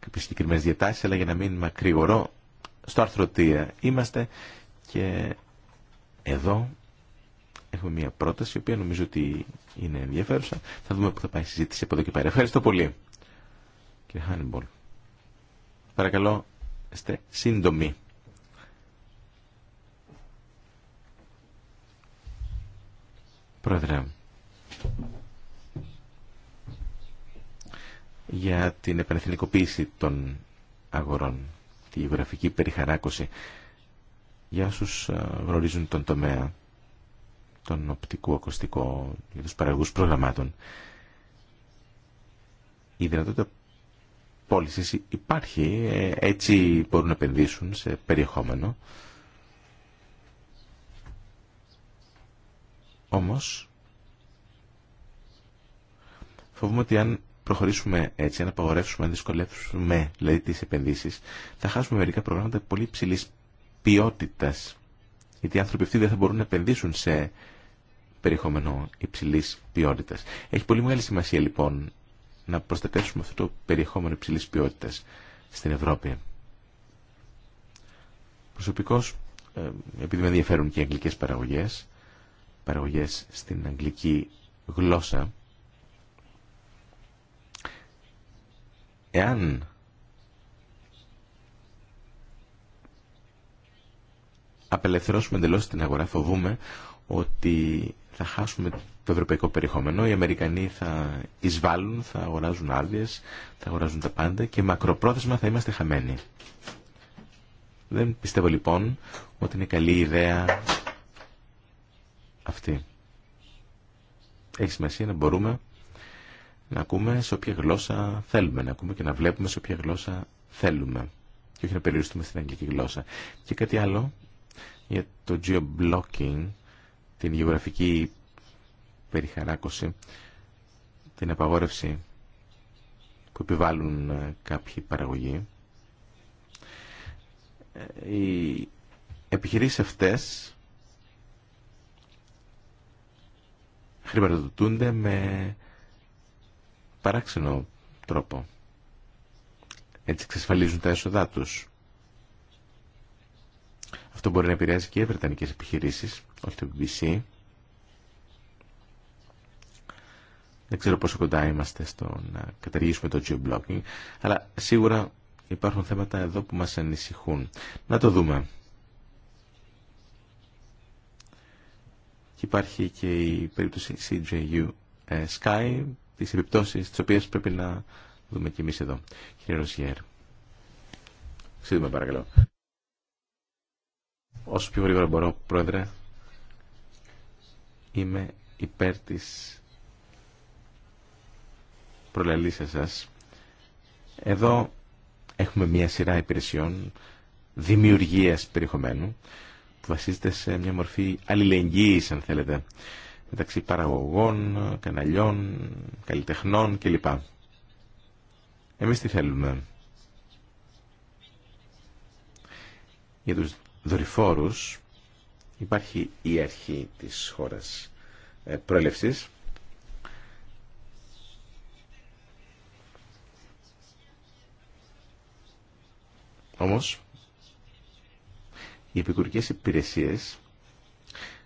κάποιες συγκεκριμένες διατάσεις, αλλά για να μην μακρηγορώ, στο άρθρο 3 είμαστε και εδώ έχουμε μια πρόταση, η οποία νομίζω ότι είναι ενδιαφέρουσα. Θα δούμε που θα πάει η συζήτηση από εδώ και πέρα. Ευχαριστώ πολύ. Κύριε Χάνιμπολ, παρακαλώ, είστε σύντομοι. Πρόεδρε, για την επενεθνικοποίηση των αγορών, τη γεωγραφική περιχαράκωση, για όσους ε, γνωρίζουν τον τομέα, τον οπτικό, ακουστικό, για τους παραγωγούς προγραμμάτων, η δυνατότητα πώλησης υπάρχει, ε, έτσι μπορούν να επενδύσουν σε περιεχόμενο, Όμως, φοβούμαι ότι αν προχωρήσουμε έτσι, αν απαγορεύσουμε, αν δυσκολεύσουμε δηλαδή τις επενδύσεις, θα χάσουμε μερικά προγράμματα πολύ ψηλή ποιότητας. Γιατί οι άνθρωποι αυτοί δεν θα μπορούν να επενδύσουν σε περιεχόμενο υψηλή ποιότητα. Έχει πολύ μεγάλη σημασία λοιπόν να προστατεύσουμε αυτό το περιεχόμενο υψηλή ποιότητα στην Ευρώπη. Προσωπικώ, ε, επειδή με ενδιαφέρουν και οι αγγλικέ παραγωγέ παραγωγές στην αγγλική γλώσσα εάν απελευθερώσουμε εντελώ την αγορά φοβούμε ότι θα χάσουμε το ευρωπαϊκό περιεχόμενο, οι Αμερικανοί θα εισβάλλουν, θα αγοράζουν άδειε, θα αγοράζουν τα πάντα και μακροπρόθεσμα θα είμαστε χαμένοι. Δεν πιστεύω λοιπόν ότι είναι καλή ιδέα αυτή. Έχει σημασία να μπορούμε να ακούμε σε όποια γλώσσα θέλουμε, να ακούμε και να βλέπουμε σε όποια γλώσσα θέλουμε και όχι να περιοριστούμε στην αγγλική γλώσσα. Και κάτι άλλο για το geo-blocking, την γεωγραφική περιχαράκωση, την απαγόρευση που επιβάλλουν ε, κάποιοι παραγωγοί. Ε, οι επιχειρήσεις αυτές χρηματοδοτούνται με παράξενο τρόπο. Έτσι εξασφαλίζουν τα έσοδά τους. Αυτό μπορεί να επηρεάζει και οι βρετανικές επιχειρήσεις, όχι το BBC. Δεν ξέρω πόσο κοντά είμαστε στο να καταργήσουμε το geo-blocking, αλλά σίγουρα υπάρχουν θέματα εδώ που μας ανησυχούν. Να το δούμε. Και υπάρχει και η περίπτωση CJU ε, Sky, τις επιπτώσει τι οποίε πρέπει να δούμε και εμεί εδώ. Κύριε Ροζιέρ, ξύδουμε παρακαλώ. Όσο πιο γρήγορα μπορώ, Πρόεδρε, είμαι υπέρ τη προλαλήσεω σα. Εδώ έχουμε μία σειρά υπηρεσιών δημιουργίας περιεχομένου που βασίζεται σε μια μορφή αλληλεγγύης, αν θέλετε, μεταξύ παραγωγών, καναλιών, καλλιτεχνών κλπ. Εμείς τι θέλουμε. Για τους δορυφόρους υπάρχει η αρχή της χώρας ε, πρόλευσης, Όμως, οι επικουρικές υπηρεσίες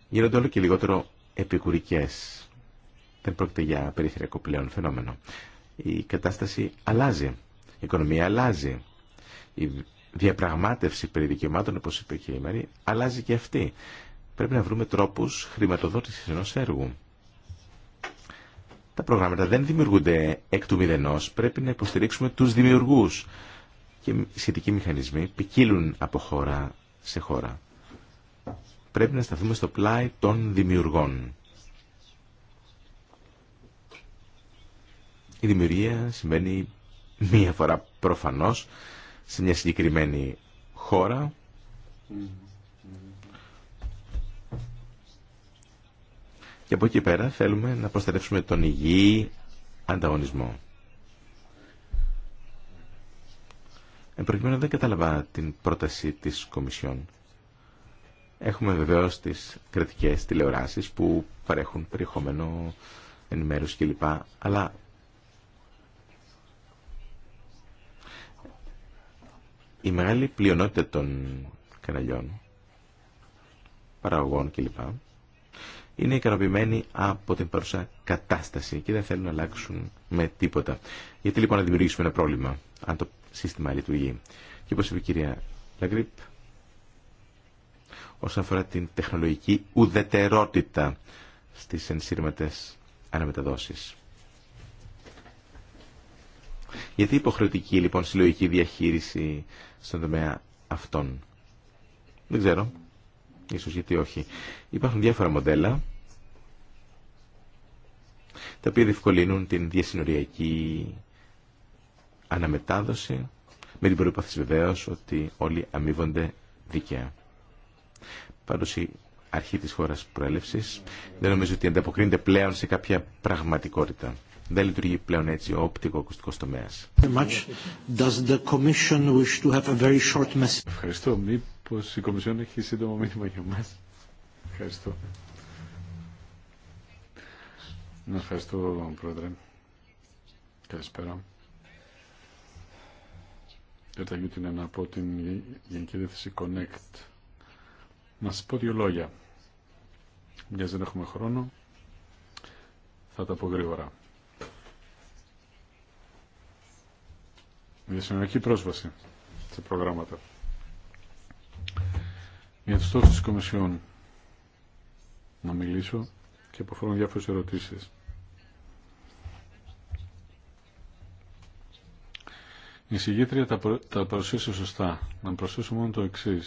γίνονται όλο και λιγότερο επικουρικές. Δεν πρόκειται για περιφερειακό πλέον φαινόμενο. Η κατάσταση αλλάζει. Η οικονομία αλλάζει. Η διαπραγμάτευση περί δικαιωμάτων, όπως είπε και η Μαρή, αλλάζει και αυτή. Πρέπει να βρούμε τρόπους χρηματοδότησης ενός έργου. Τα προγράμματα δεν δημιουργούνται εκ του μηδενός. Πρέπει να υποστηρίξουμε τους δημιουργούς. Και σχετικοί μηχανισμοί ποικίλουν από χώρα σε χώρα. Πρέπει να σταθούμε στο πλάι των δημιουργών. Η δημιουργία σημαίνει μία φορά προφανώς σε μια συγκεκριμένη χώρα και από εκεί πέρα θέλουμε να προστατεύσουμε τον υγιή ανταγωνισμό. Εν δεν κατάλαβα την πρόταση της Κομισιόν. Έχουμε βεβαίως τις κρατικές τηλεοράσεις που παρέχουν περιεχόμενο ενημέρωση κλπ. Αλλά η μεγάλη πλειονότητα των καναλιών, παραγωγών κλπ. είναι ικανοποιημένοι από την παρούσα κατάσταση και δεν θέλουν να αλλάξουν με τίποτα. Γιατί λοιπόν να δημιουργήσουμε ένα πρόβλημα, αν το σύστημα λειτουργεί. Και όπως είπε η κυρία Λαγκρίπ, όσον αφορά την τεχνολογική ουδετερότητα στις ενσύρματες αναμεταδόσεις. Γιατί υποχρεωτική λοιπόν συλλογική διαχείριση στον τομέα αυτών. Δεν ξέρω. Ίσως γιατί όχι. Υπάρχουν διάφορα μοντέλα τα οποία διευκολύνουν την διασυνοριακή αναμετάδοση με την προϋπόθεση βεβαίω ότι όλοι αμείβονται δίκαια. Πάντως η αρχή της χώρας προέλευσης δεν νομίζω ότι ανταποκρίνεται πλέον σε κάποια πραγματικότητα. Δεν λειτουργεί πλέον έτσι ο οπτικο-ακουστικός τομέας. Ευχαριστώ. Μήπως η Κομισιόν έχει σύντομο μήνυμα για μας. Ευχαριστώ. Να ευχαριστώ, Πρόεδρε. Καλησπέρα. Γιώτα να από την Γενική Διεύθυνση Connect. Να σας πω δύο λόγια. Μιας δεν έχουμε χρόνο, θα τα πω γρήγορα. συνολική πρόσβαση σε προγράμματα. Για τους στόχους της Κομισιόν να μιλήσω και αποφορούν διάφορες ερωτήσεις. Η συγγήτρια τα, προ... τα παρουσίασε σωστά. Να προσθέσω μόνο το εξή.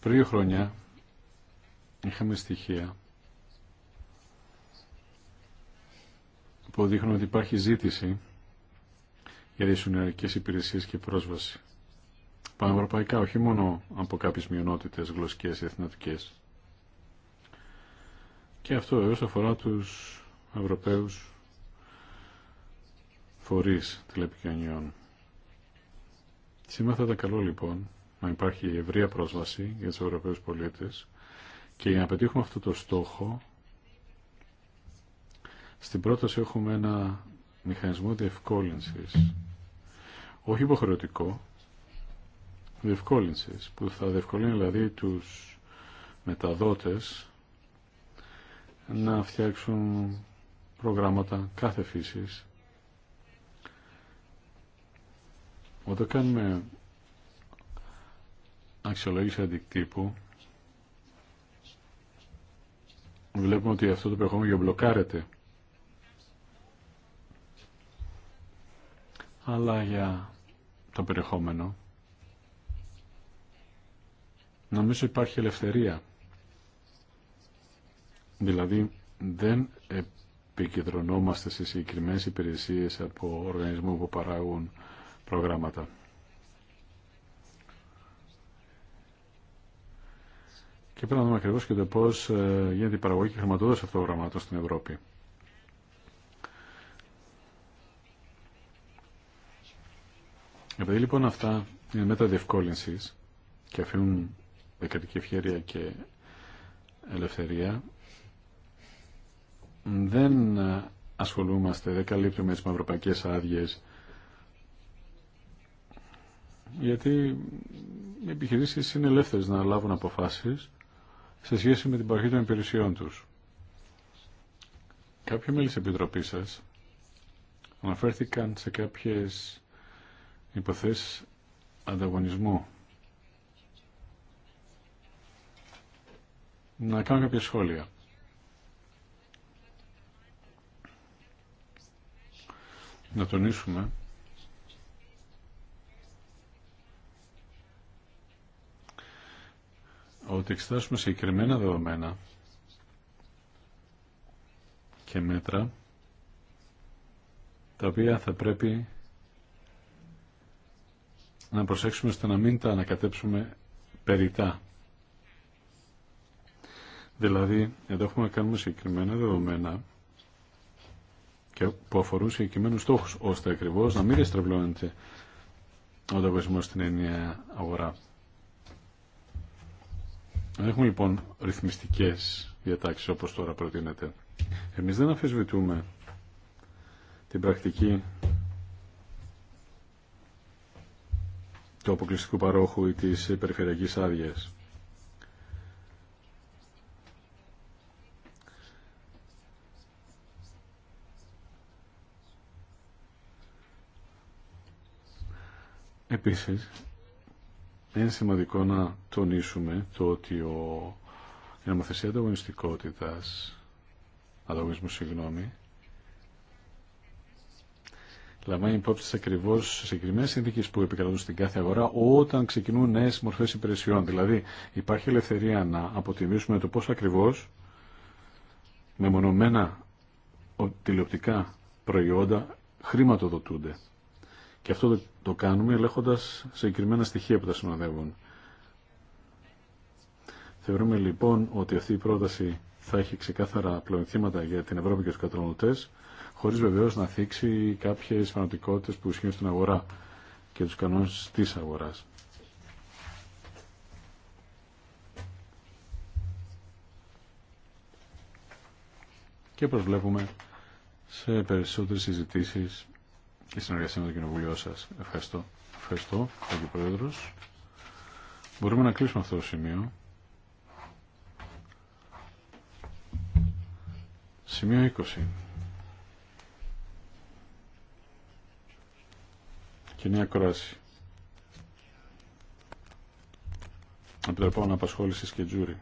Πριν χρόνια είχαμε στοιχεία που δείχνουν ότι υπάρχει ζήτηση για διασυνορικές υπηρεσίες και πρόσβαση. Πανευρωπαϊκά, όχι μόνο από κάποιες μειονότητες γλωσσικές ή εθνοτικές. Και αυτό έως αφορά τους Ευρωπαίους φορείς τηλεπικοινωνιών. Σήμερα θα ήταν καλό λοιπόν να υπάρχει ευρεία πρόσβαση για τους Ευρωπαίους πολίτες και για να πετύχουμε αυτό το στόχο στην πρόταση έχουμε ένα μηχανισμό διευκόλυνσης όχι υποχρεωτικό διευκόλυνσης που θα διευκολύνει δηλαδή τους μεταδότες να φτιάξουν προγράμματα κάθε φύσης Όταν κάνουμε αξιολόγηση αντικτύπου, βλέπουμε ότι αυτό το περιεχόμενο γεμπλοκάρεται. Αλλά για το περιεχόμενο, νομίζω υπάρχει ελευθερία. Δηλαδή, δεν επικεντρωνόμαστε σε συγκεκριμένες υπηρεσίες από οργανισμού που παράγουν προγράμματα. Και πρέπει να δούμε ακριβώ και το πώ ε, γίνεται η παραγωγή και χρηματοδότηση αυτών των προγραμμάτων στην Ευρώπη. Επειδή λοιπόν αυτά είναι μέτρα διευκόλυνση και αφήνουν δεκατική ευχαίρεια και ελευθερία, δεν ε, ασχολούμαστε, δεν καλύπτουμε τι μαυροπαϊκέ άδειε γιατί οι επιχειρήσει είναι ελεύθερε να λάβουν αποφάσεις σε σχέση με την παροχή των υπηρεσιών τους. κάποιοι μέλη τη Επιτροπή σα αναφέρθηκαν σε κάποιες υποθέσεις ανταγωνισμού. Να κάνω κάποια σχόλια. Να τονίσουμε ότι εξετάσουμε συγκεκριμένα δεδομένα και μέτρα τα οποία θα πρέπει να προσέξουμε ώστε να μην τα ανακατέψουμε περιτά. Δηλαδή, εδώ έχουμε να κάνουμε συγκεκριμένα δεδομένα και που αφορούν συγκεκριμένους στόχους, ώστε ακριβώς να μην διαστρεβλώνεται ο ανταγωνισμός στην ενιαία αγορά έχουμε λοιπόν ρυθμιστικές διατάξεις όπως τώρα προτείνεται, εμείς δεν αφισβητούμε την πρακτική του αποκλειστικού παρόχου ή της περιφερειακής άδεια. Επίσης, είναι σημαντικό να τονίσουμε το ότι ο, η νομοθεσία ανταγωνιστικότητας ανταγωνισμού συγγνώμη λαμβάνει υπόψη σε συγκεκριμένε συνθήκε που επικρατούν στην κάθε αγορά όταν ξεκινούν νέες μορφές υπηρεσιών. Δηλαδή, υπάρχει ελευθερία να αποτιμήσουμε το πώς ακριβώς με μονομένα τηλεοπτικά προϊόντα χρηματοδοτούνται. Και αυτό το το κάνουμε ελέγχοντας συγκεκριμένα στοιχεία που τα συνοδεύουν. Θεωρούμε λοιπόν ότι αυτή η πρόταση θα έχει ξεκάθαρα πλεονεκτήματα για την Ευρώπη και τους καταναλωτές, χωρίς βεβαίως να θίξει κάποιες φανατικότητες που ισχύουν στην αγορά και τους κανόνες της αγοράς. Και προσβλέπουμε σε περισσότερες συζητήσεις η συνεργασία με το Κοινοβούλιο σα. Ευχαριστώ. Ευχαριστώ, κύριε Πρόεδρο. Μπορούμε να κλείσουμε αυτό το σημείο. Σημείο 20. Κοινή ακρόαση. Επιτροπών απασχόλησης και τζούρι.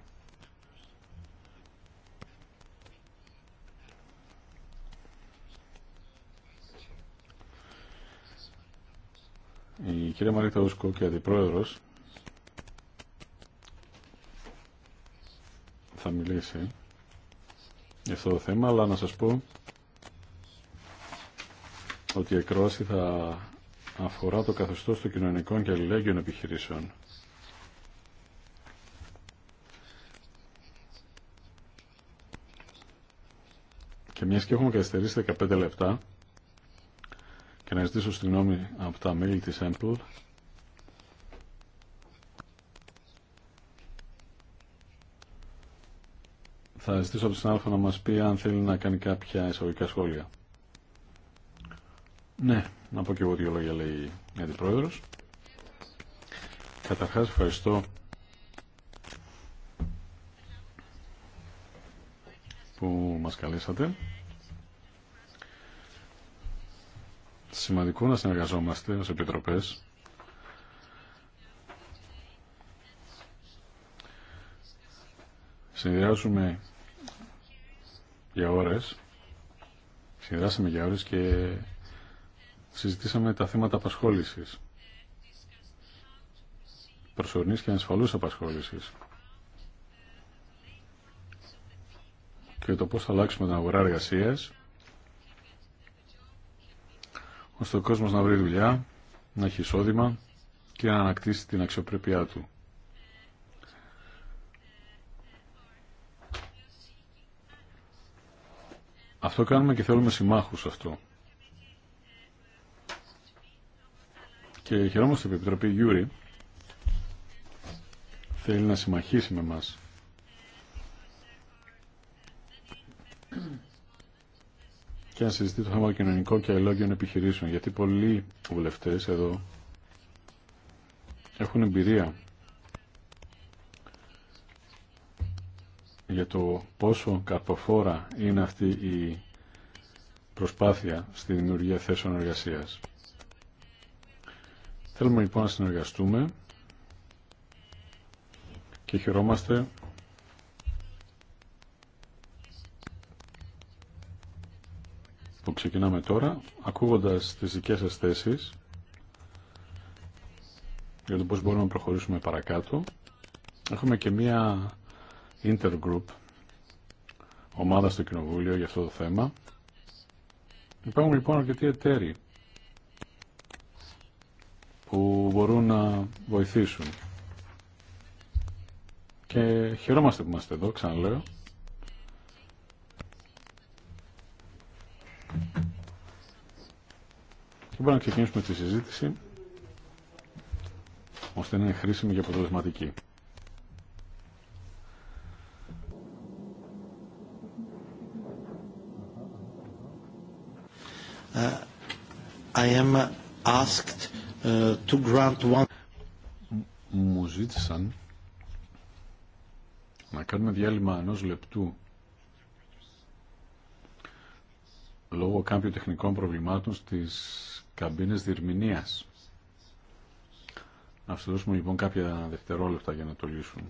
Η κυρία Μαρίτα Ούσκο και αντιπρόεδρος θα μιλήσει για αυτό το θέμα, αλλά να σας πω ότι η εκρόαση θα αφορά το καθεστώς των κοινωνικών και αλληλέγγυων επιχειρήσεων. Και μιας και έχουμε καθυστερήσει 15 λεπτά, και να ζητήσω συγγνώμη από τα μέλη της Apple θα ζητήσω από τον άλφα να μας πει αν θέλει να κάνει κάποια εισαγωγικά σχόλια. Ναι, να πω και εγώ δύο λόγια λέει η Αντιπρόεδρος. Καταρχάς ευχαριστώ που μας καλέσατε σημαντικό να συνεργαζόμαστε ως επιτροπές συνδυάζουμε για ώρες συνδυάσαμε για ώρες και συζητήσαμε τα θέματα απασχόλησης προσωρινής και ανασφαλούς απασχόλησης και το πώς θα αλλάξουμε την αγορά εργασίας ώστε ο κόσμος να βρει δουλειά, να έχει εισόδημα και να ανακτήσει την αξιοπρέπειά του. Αυτό κάνουμε και θέλουμε συμμάχους αυτό. Και χαιρόμαστε που η Επιτροπή Γιούρι θέλει να συμμαχίσει με μας. και να συζητεί το θέμα κοινωνικό και ελόγιων επιχειρήσεων. Γιατί πολλοί βουλευτέ εδώ έχουν εμπειρία για το πόσο καρποφόρα είναι αυτή η προσπάθεια στη δημιουργία θέσεων εργασίας. Θέλουμε λοιπόν να συνεργαστούμε και χαιρόμαστε ξεκινάμε τώρα, ακούγοντας τις δικές σας θέσεις για το πώς μπορούμε να προχωρήσουμε παρακάτω. Έχουμε και μία intergroup, ομάδα στο Κοινοβούλιο για αυτό το θέμα. Υπάρχουν λοιπόν αρκετοί εταίροι που μπορούν να βοηθήσουν. Και χαιρόμαστε που είμαστε εδώ, ξαναλέω. και λοιπόν, μπορούμε να ξεκινήσουμε τη συζήτηση ώστε να είναι χρήσιμη και αποτελεσματική. Ε, ε, μου ζήτησαν να κάνουμε διάλειμμα ενό λεπτού λόγω κάποιων τεχνικών προβλημάτων στις καμπίνες διερμηνίας. Να σου δώσουμε λοιπόν κάποια δευτερόλεπτα για να το λύσουμε.